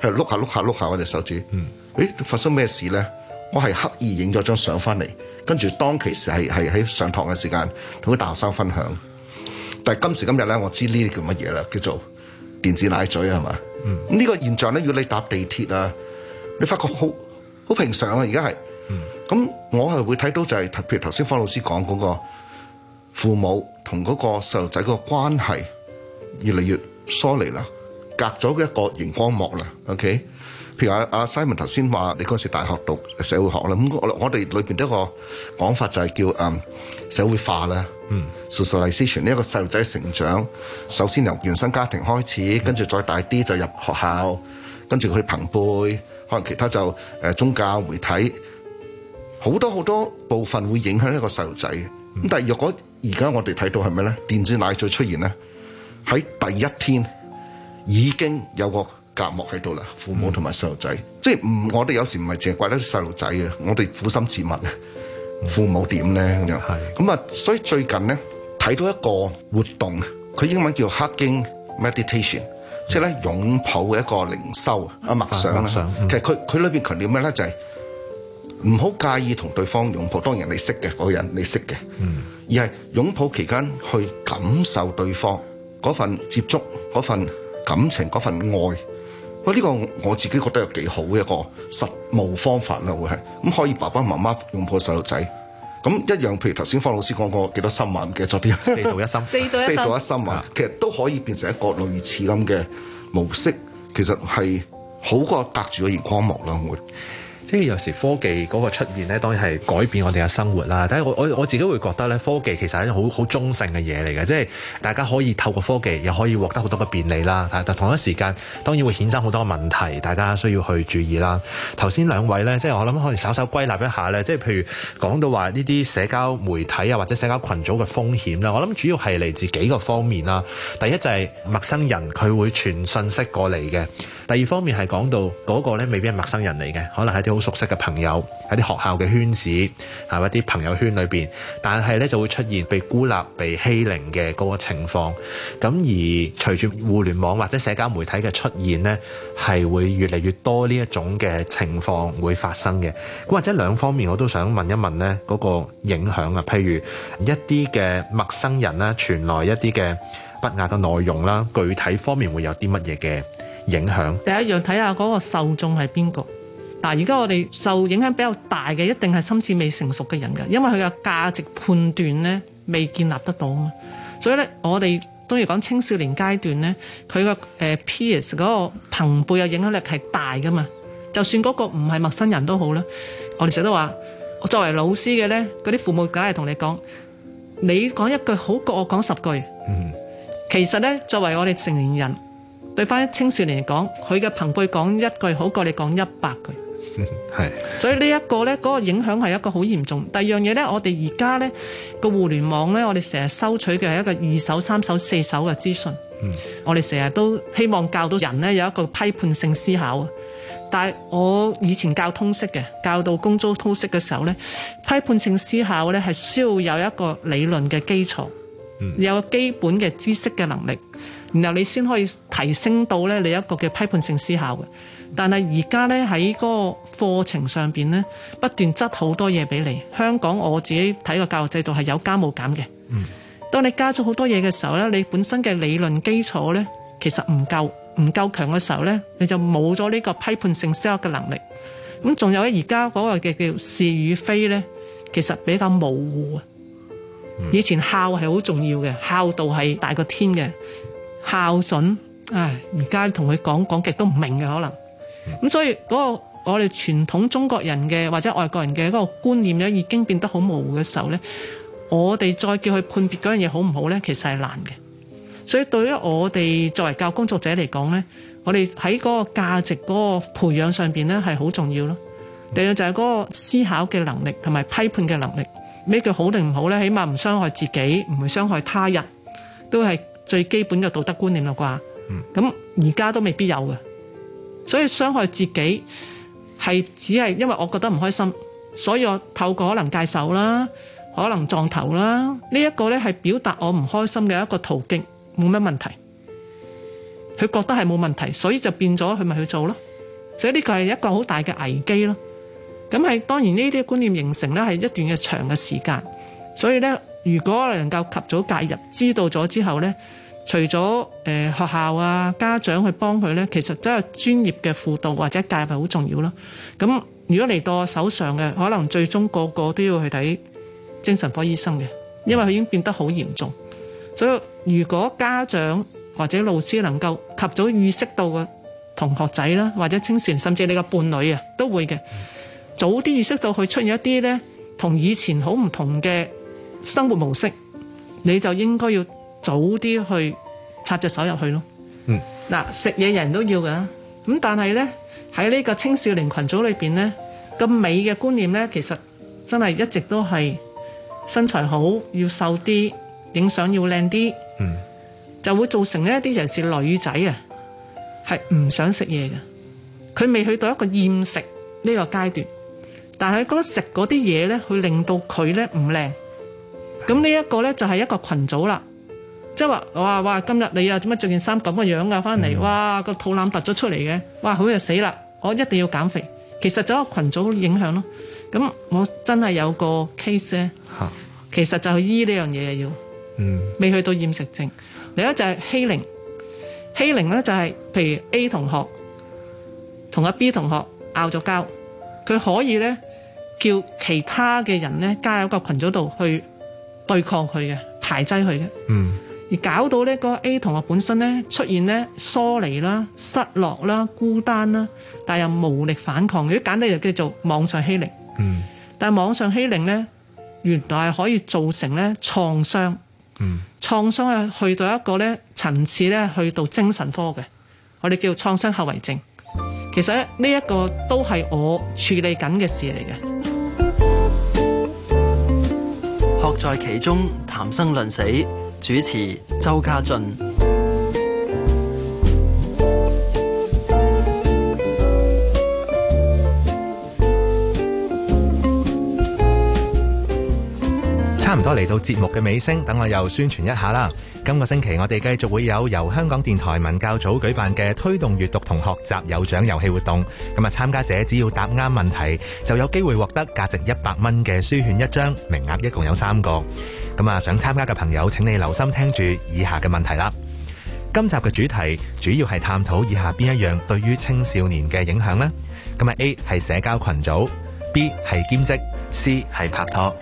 吓，喺度碌下碌下碌下我哋手指。嗯，誒發生咩事咧？我係刻意影咗張相翻嚟，跟住當其時係係喺上堂嘅時間同佢大學生分享。但係今時今日咧，我知呢啲叫乜嘢啦？叫做電子奶嘴係嘛？咁呢、嗯嗯呢個現象咧，要你搭地鐵啊，你發覺好好平常啊，而家係。咁、嗯、我係會睇到就係、是，譬如頭先方老師講嗰個父母同嗰個細路仔個關係越嚟越疏離啦，隔咗嘅一個熒光幕啦。OK。譬如阿阿 Simon 頭先話你嗰時大學讀社會學啦，咁我我哋裏邊一個講法就係叫誒社會化啦。嗯，socialization 呢一個細路仔成長，首先由原生家庭開始，跟住、嗯、再大啲就入學校，跟住佢朋輩，可能其他就誒宗教、媒體，好多好多部分會影響一個細路仔。咁但係若果而家我哋睇到係咩咧？電子奶嘴出現咧，喺第一天已經有個。隔膜喺度啦，父母同埋細路仔，即係唔我哋有時唔係淨係怪得啲細路仔嘅，我哋苦心自問，父母點咧咁樣？係咁啊，所以最近咧睇到一個活動，佢英文叫 Hugging meditation，即係咧擁抱嘅一個靈修啊，默想啦。其實佢佢裏邊強調咩咧，就係唔好介意同對方擁抱，當然你識嘅嗰個人，你識嘅，嗯，而係擁抱期間去感受對方嗰份接觸嗰份感情嗰份愛。喂，呢個我自己覺得有幾好嘅一個實務方法啦，會係咁可以爸爸媽媽用破細路仔，咁一樣譬如頭先方老師講過幾多心嘅作啲四到一心，四到一心啊，心係啊。其實都可以變成一個類似咁嘅模式，其實係好過隔住個熒光幕啦，會。即係有時科技嗰個出現咧，當然係改變我哋嘅生活啦。但係我我我自己會覺得咧，科技其實係一種好好中性嘅嘢嚟嘅。即係大家可以透過科技，又可以獲得好多嘅便利啦。但同一時間，當然會衍生好多嘅問題，大家需要去注意啦。頭先兩位咧，即係我諗可以稍稍歸納一下咧。即係譬如講到話呢啲社交媒體啊，或者社交群組嘅風險啦，我諗主要係嚟自幾個方面啦。第一就係陌生人佢會傳信息過嚟嘅。第二方面係講到嗰個咧未必係陌生人嚟嘅，可能係啲好熟悉嘅朋友喺啲學校嘅圈子，吓一啲朋友圈裏邊，但係咧就會出現被孤立、被欺凌嘅嗰個情況。咁而隨住互聯網或者社交媒體嘅出現咧，係會越嚟越多呢一種嘅情況會發生嘅。咁或者兩方面我都想問一問咧，嗰個影響啊，譬如一啲嘅陌生人啦，傳來一啲嘅不雅嘅內容啦，具體方面會有啲乜嘢嘅影響？第一樣睇下嗰個受眾係邊個。嗱，而家我哋受影響比較大嘅，一定係心智未成熟嘅人㗎，因為佢嘅價值判斷咧未建立得到啊嘛。所以呢，我哋當然講青少年階段呢佢、呃、個 peer 嗰個朋輩嘅影響力係大㗎嘛。就算嗰個唔係陌生人都好啦。我哋成日都話，作為老師嘅呢，嗰啲父母梗係同你講，你講一句好過我講十句。嗯。其實呢，作為我哋成年人對翻青少年嚟講，佢嘅朋輩講一句好過你講一百句。係， 是所以呢一個呢個影響係一個好嚴重。第二樣嘢呢，我哋而家呢個互聯網呢，我哋成日收取嘅係一個二手、三手、四手嘅資訊。我哋成日都希望教到人呢有一個批判性思考。但係我以前教通識嘅，教到高中通識嘅時候呢，批判性思考呢係需要有一個理論嘅基礎，有個基本嘅知識嘅能力，然後你先可以提升到呢你一個嘅批判性思考嘅。但係而家呢，喺嗰個課程上邊呢，不斷執好多嘢俾你。香港我自己睇個教育制度係有加冇減嘅。當、嗯、當你加咗好多嘢嘅時候呢，你本身嘅理論基礎呢，其實唔夠，唔夠強嘅時候呢，你就冇咗呢個批判性思考嘅能力。咁仲有呢，而家嗰個嘅叫是與非呢，其實比較模糊啊。嗯、以前孝係好重要嘅，孝道係大過天嘅，孝順唉，而家同佢講講極都唔明嘅可能。咁所以嗰個我哋傳統中國人嘅或者外國人嘅嗰個觀念咧，已經變得好模糊嘅時候咧，我哋再叫佢判別嗰樣嘢好唔好咧，其實係難嘅。所以對於我哋作為教工作者嚟講咧，我哋喺嗰個價值嗰個培養上邊咧，係好重要咯。第二樣就係嗰個思考嘅能力同埋批判嘅能力，咩叫好定唔好咧？起碼唔傷害自己，唔會傷害他人，都係最基本嘅道德觀念啦啩。咁而家都未必有嘅。所以傷害自己係只係因為我覺得唔開心，所以我透過可能戒手啦，可能撞頭啦，呢一個呢，係表達我唔開心嘅一個途徑，冇乜問題。佢覺得係冇問題，所以就變咗佢咪去做咯。所以呢個係一個好大嘅危機咯。咁係當然呢啲觀念形成呢係一段嘅長嘅時間，所以呢，如果能夠及早介入、知道咗之後呢。除咗誒、呃、學校啊，家長去幫佢呢，其實真係專業嘅輔導或者介入好重要咯。咁如果嚟到我手上嘅，可能最終個個都要去睇精神科醫生嘅，因為佢已經變得好嚴重。所以如果家長或者老師能夠及早意識到個同學仔啦，或者青少年，甚至你嘅伴侶啊，都會嘅，早啲意識到佢出現一啲呢同以前好唔同嘅生活模式，你就應該要。早啲去插隻手入去咯。嗯，嗱，食嘢人都要噶，咁但係呢，喺呢個青少年群組裏邊呢，咁美嘅觀念呢，其實真係一直都係身材好要瘦啲，影相要靚啲。嗯，就會造成呢啲人是女仔啊，係唔想食嘢嘅，佢未去到一個厭食呢個階段，但係覺得食嗰啲嘢呢，會令到佢呢唔靚。咁呢一個呢，就係、是、一個群組啦。即係話，哇，今日你又點樣着件衫咁嘅樣噶翻嚟，哇個、啊嗯、肚腩凸咗出嚟嘅，哇好嘢死啦！我一定要減肥。其實就一個群組影響咯。咁我真係有個 case 咧，哈其實就係醫呢樣嘢要，嗯，未去到厭食症。另一就係欺凌，欺凌咧就係譬如 A 同學同阿 B 同學拗咗交，佢可以咧叫其他嘅人咧加入一個群組度去對抗佢嘅排擠佢嘅，嗯。而搞到呢個 A 同學本身呢，出現呢疏離啦、失落啦、孤單啦，但又無力反抗。如果簡單就叫做網上欺凌。嗯。但網上欺凌呢，原來係可以造成呢創傷。嗯。創傷係，去到一個呢層次呢去到精神科嘅，我哋叫創傷後遺症。其實呢一個都係我處理緊嘅事嚟嘅。學在其中，談生論死。主持周家俊，差唔多嚟到節目嘅尾聲，等我又宣傳一下啦。今個星期我哋繼續會有由香港電台文教組舉辦嘅推動閱讀同學習有獎遊戲活動。咁啊，參加者只要答啱問題，就有機會獲得價值一百蚊嘅書券一張，名額一共有三個。咁啊，想參加嘅朋友，請你留心聽住以下嘅問題啦。今集嘅主題主要係探討以下邊一樣對於青少年嘅影響呢？咁啊，A 係社交群組，B 係兼職，C 係拍拖。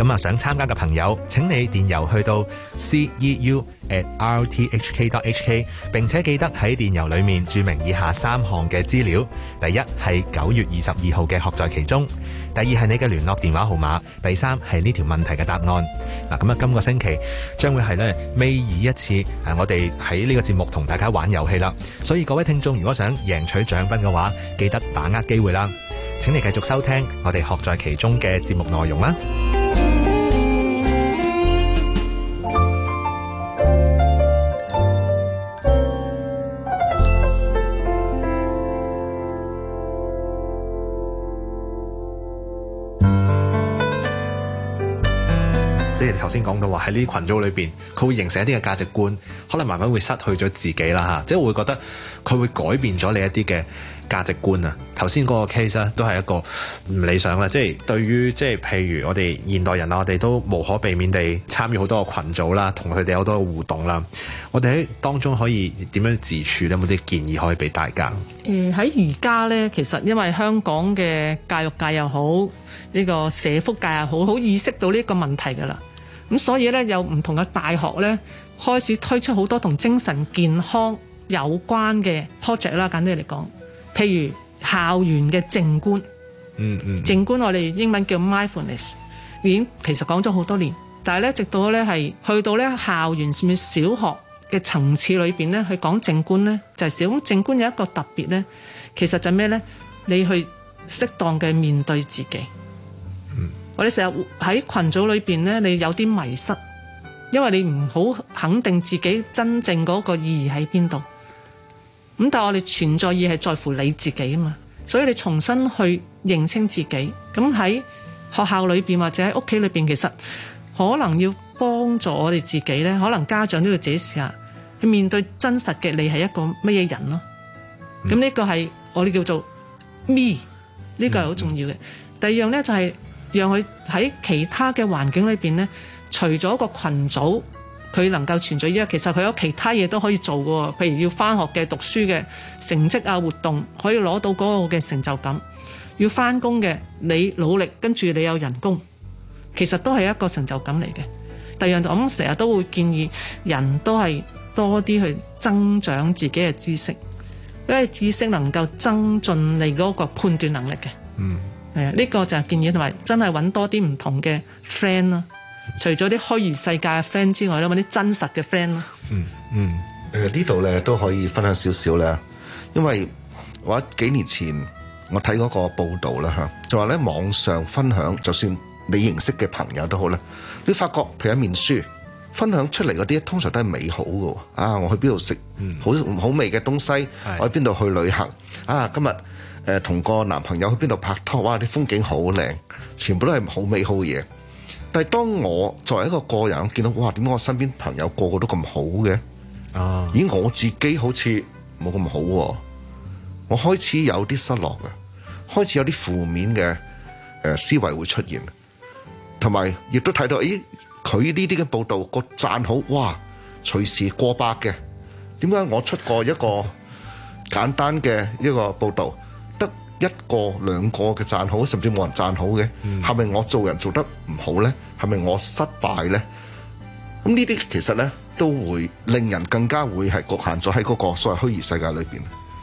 咁啊，想參加嘅朋友，請你電郵去到 c e u at r t h k dot h k，並且記得喺電郵裏面註明以下三項嘅資料：第一係九月二十二號嘅學在其中；第二係你嘅聯絡電話號碼；第三係呢條問題嘅答案。嗱、啊，咁啊，今個星期將會係呢尾二一次，誒，我哋喺呢個節目同大家玩遊戲啦。所以各位聽眾，如果想贏取獎品嘅話，記得把握機會啦。請你繼續收聽我哋學在其中嘅節目內容啦。即係頭先講到話喺呢啲群組裏邊，佢會形成一啲嘅價值觀，可能慢慢會失去咗自己啦嚇、啊。即係會覺得佢會改變咗你一啲嘅價值觀啊。頭先嗰個 case 咧都係一個唔理想啦。即係對於即係譬如我哋現代人啦，我哋都無可避免地參與好多個群組啦，同佢哋好多互動啦。我哋喺當中可以點樣自處咧？有冇啲建議可以俾大家？誒喺而家咧，其實因為香港嘅教育界又好，呢、這個社福界又好，好意識到呢個問題噶啦。咁所以咧，有唔同嘅大學咧，開始推出好多同精神健康有關嘅 project 啦。簡單嚟講，譬如校園嘅靜觀，嗯嗯、mm，靜、hmm. 觀我哋英文叫 mindfulness，已經其實講咗好多年，但係咧，直到咧係去到咧校園，甚至小學嘅層次裏邊咧，去講靜觀咧就係咁靜觀有一個特別咧，其實就係咩咧？你去適當嘅面對自己。我哋成日喺群組裏邊咧，你有啲迷失，因為你唔好肯定自己真正嗰個意義喺邊度。咁但係我哋存在意義係在乎你自己啊嘛，所以你重新去認清自己。咁喺學校裏邊或者喺屋企裏邊，其實可能要幫助我哋自己咧，可能家長都要自己試下，去面對真實嘅你係一個乜嘢人咯。咁呢、嗯、個係我哋叫做 me，呢個係好重要嘅。嗯、第二樣咧就係、是。讓佢喺其他嘅環境裏邊呢，除咗個群組佢能夠存在之外，其實佢有其他嘢，都可以做嘅。譬如要翻學嘅、讀書嘅成績啊、活動可以攞到嗰個嘅成就感；要翻工嘅，你努力跟住你有人工，其實都係一個成就感嚟嘅。第二樣，我諗成日都會建議人都係多啲去增長自己嘅知識，因為知識能夠增進你嗰個判斷能力嘅。嗯。係啊，呢個就係建議同埋，真係揾多啲唔同嘅 friend 咯。除咗啲虛擬世界嘅 friend 之外，咧揾啲真實嘅 friend 咯。嗯嗯，誒、呃、呢度咧都可以分享少少咧，因為我幾年前我睇嗰個報道啦吓，就話咧網上分享，就算你認識嘅朋友都好啦，你發覺譬如一面書分享出嚟嗰啲，通常都係美好嘅。啊，我去邊度食好好味嘅東西，嗯、我去邊度去旅行，是。啊，今日。誒，同個男朋友去邊度拍拖，哇！啲風景好靚，全部都係好美好嘅嘢。但係當我作為一個個人見到，哇！點解我身邊朋友個個都咁好嘅？哦，咦我自己好似冇咁好，我開始有啲失落嘅，開始有啲負面嘅誒思維會出現。同埋亦都睇到，咦、哎？佢呢啲嘅報道個讚好，哇！隨時過百嘅，點解我出過一個簡單嘅一個報道？一個兩個嘅讚好，甚至冇人讚好嘅，係咪、嗯、我做人做得唔好咧？係咪我失敗咧？咁呢啲其實咧都會令人更加會係局限咗喺嗰個所謂虛擬世界裏邊，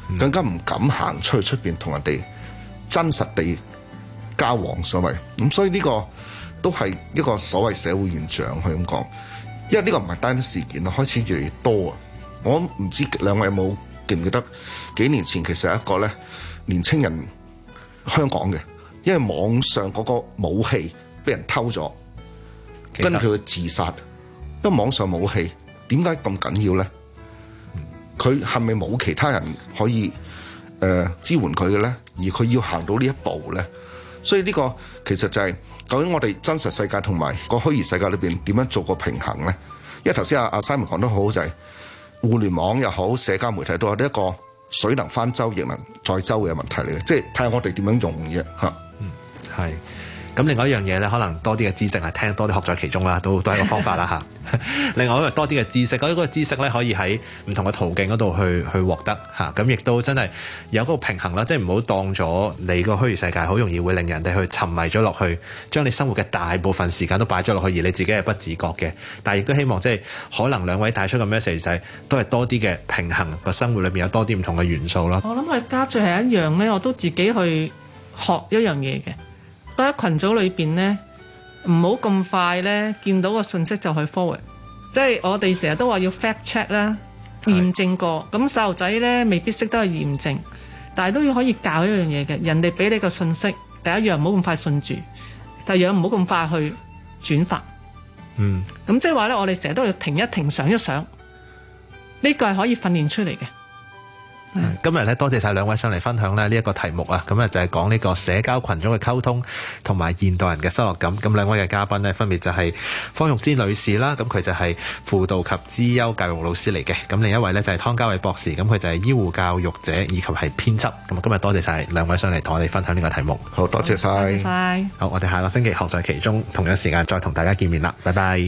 嗯、更加唔敢行出去出邊同人哋真實地交往的所謂。所謂咁，所以呢個都係一個所謂社會現象去咁講，因為呢個唔係單一事件咯，開始越嚟越多啊！我唔知兩位有冇記唔記得幾年前，其實有一個咧。年青人，香港嘅，因為網上嗰個武器俾人偷咗，他跟住佢自殺。因為網上武器點解咁緊要呢？佢係咪冇其他人可以誒、呃、支援佢嘅呢？而佢要行到呢一步呢？所以呢個其實就係究竟我哋真實世界同埋個虛擬世界裏邊點樣做個平衡呢？因為頭先阿阿 Simon 講得很好，就係、是、互聯網又好，社交媒體都有一個。水能翻舟亦能載舟嘅問題嚟嘅，即係睇下我哋點樣用嘅吓，嗯，係。咁另外一樣嘢咧，可能多啲嘅知識啊，聽多啲學在其中啦，都都係個方法啦。 另外一個多啲嘅知識，嗰個知識咧可以喺唔同嘅途徑嗰度去去獲得。咁亦、啊、都真係有個平衡啦，即係唔好當咗你個虛擬世界，好容易會令人哋去沉迷咗落去，將你生活嘅大部分時間都擺咗落去，而你自己係不自覺嘅。但係亦都希望即係可能兩位帶出嘅 message 都係多啲嘅平衡，個生活裏面有多啲唔同嘅元素啦。我諗係家長係一樣咧，我都自己去學一樣嘢嘅。都喺群組裏邊呢，唔好咁快呢見到個信息，就去 forward，即係我哋成日都話要 fact check 啦，驗證過。咁細路仔呢未必識得去驗證，但係都要可以教一樣嘢嘅。人哋俾你個信息，第一樣唔好咁快信住，第二樣唔好咁快去轉發。嗯，咁即係話呢，我哋成日都要停一停，想一想，呢個係可以訓練出嚟嘅。嗯、今日咧，多謝晒兩位上嚟分享咧呢一個題目啊，咁啊就係講呢個社交群組嘅溝通同埋現代人嘅失落感。咁兩位嘅嘉賓呢，分別就係方玉芝女士啦，咁佢就係輔導及資優教育老師嚟嘅。咁另一位呢就係、是、湯嘉偉博士，咁佢就係醫護教育者以及係編輯。咁啊今日多謝晒兩位上嚟同我哋分享呢個題目。好多謝晒謝，謝好我哋下個星期學在其中，同樣時間再同大家見面啦，拜拜。